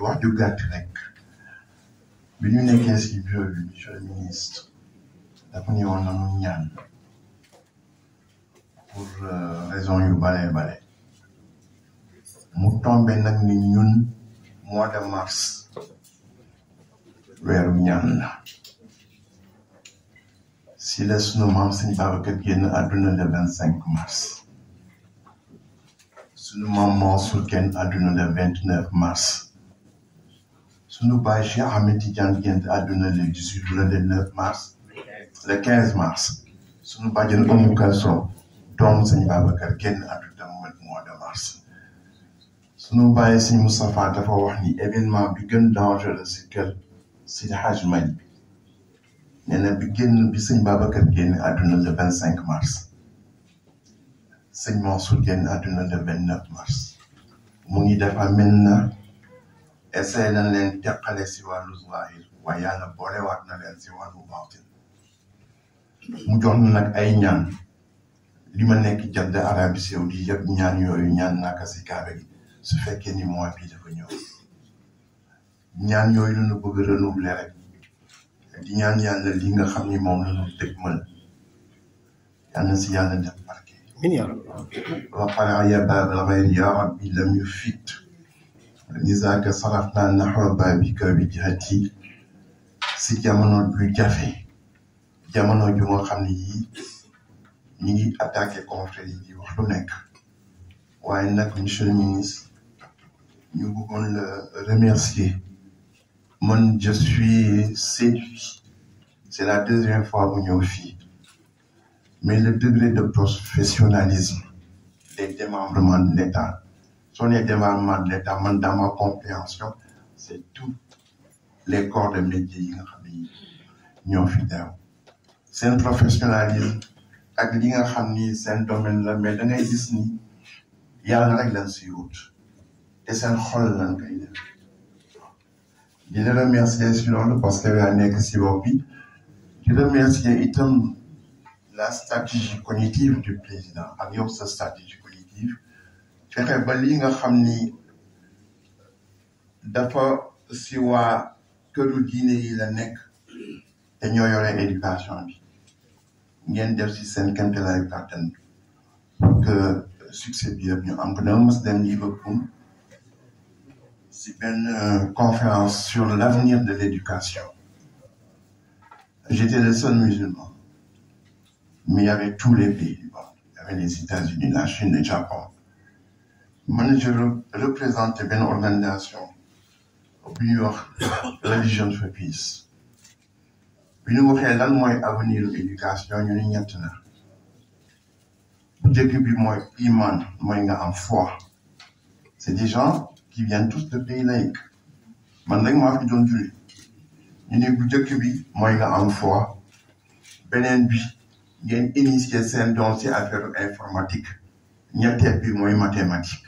waa ju gàtt rek bi ñu nekkee si bureau bi le ministre dafa ñu woon nañu ñaan pour euh, raison yu bare bare mu tombe nag ni ñun mois de mars weeru ñaan la si la sunu maam sëñ Babacar génn àdduna le vingt cinq mars sunu maam Mansour génn àdduna le vingt neuf mars suñu baay Cheikh Ahmed Tidiane génn àdduna le 18 wala le 9 mars le 15 mars suñu bàjjen Oumou Kalsoum doomu sëñ Babacar génn àdduna mooy mois de mars suñu baay sëñ Moustapha dafa wax événement bi gën si kër si Hajj Mali bi nee na bi génn bi sëñ Babacar génn mars sëñ Mansour génn àdduna le 29 mars mu ngi def am essayé nañ leen teqale si wàllu zahir waaye yàlla boolewaat na leen si wàllu baatin mu jox nag ay ñaan li ma nekk Jadda Arabie Saoudite yëpp ñaan yooyu ñaan naka si kaaba su fekkee ni mois bii dafa ñëw ñaan yooyu la ñu bëgg a renouveler rek di ñaan yàlla li nga xam ni moom la ñu dëgg mën yal na si yàlla def barke. amiin yaa rabbi. wa qaraaya baabal xayri yaa rabbi lam yufit lisaaka sarafna naxwa baabika wijhati si jamono ju jafe jamono ju nga xam ne yii ñu ngi attaqué confrères yi di wax lu nekk waaye nag monsieur le ministre ñu bëggoon la remercier man je suis séduit c'est la deuxième fois bu ñëw mais le degré de professionnalisme des démembrements de l'État son développement de l'État man dans ma compréhension c'est tous les corps de métier yi nga xam ne ñoo fi teew seen professionnalisme ak li nga xam ni seen domaine la mais da ngay gis ni yàlla rek lañ siy wut te seen xol lañ koy def di la remercier si loolu parce que yaa nekk si bopp bi di remercier itam la stratégie cognitive du président ak yow sa stratégie cognitive fexe bali lii nga xam ni dafa si waa këru diine yi la nekk te ñoo yore éducation bi ngeen def si seen kéemtalaay kàttan pour que succès bi yëpp ñu am ko dama mas dem Liverpool si benn euh, conférence sur l'avenir de l'éducation j'étais le seul musulman mais il tous les pays du monde il y les États-Unis la Chine le Japon man je représenté benn organisation bu ñuy wax religion for peace bi ñu lan mooy avenir éducation ñu ni ñett bu njëkk bi mooy iman mooy nga am foi c'est des gens qui viennent tous de pays laïque man rek maa fi doon julli ñu ni bu njëkk bi mooy nga am foi beneen bi ngeen initier seen doon si affaire informatique ñetteel bi mooy mathématique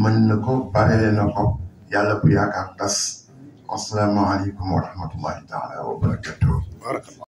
mën na ko paree na ko yàlla bu yaakaar tas asalaamaaleykum wa rahmatullahi taala wa barakatuh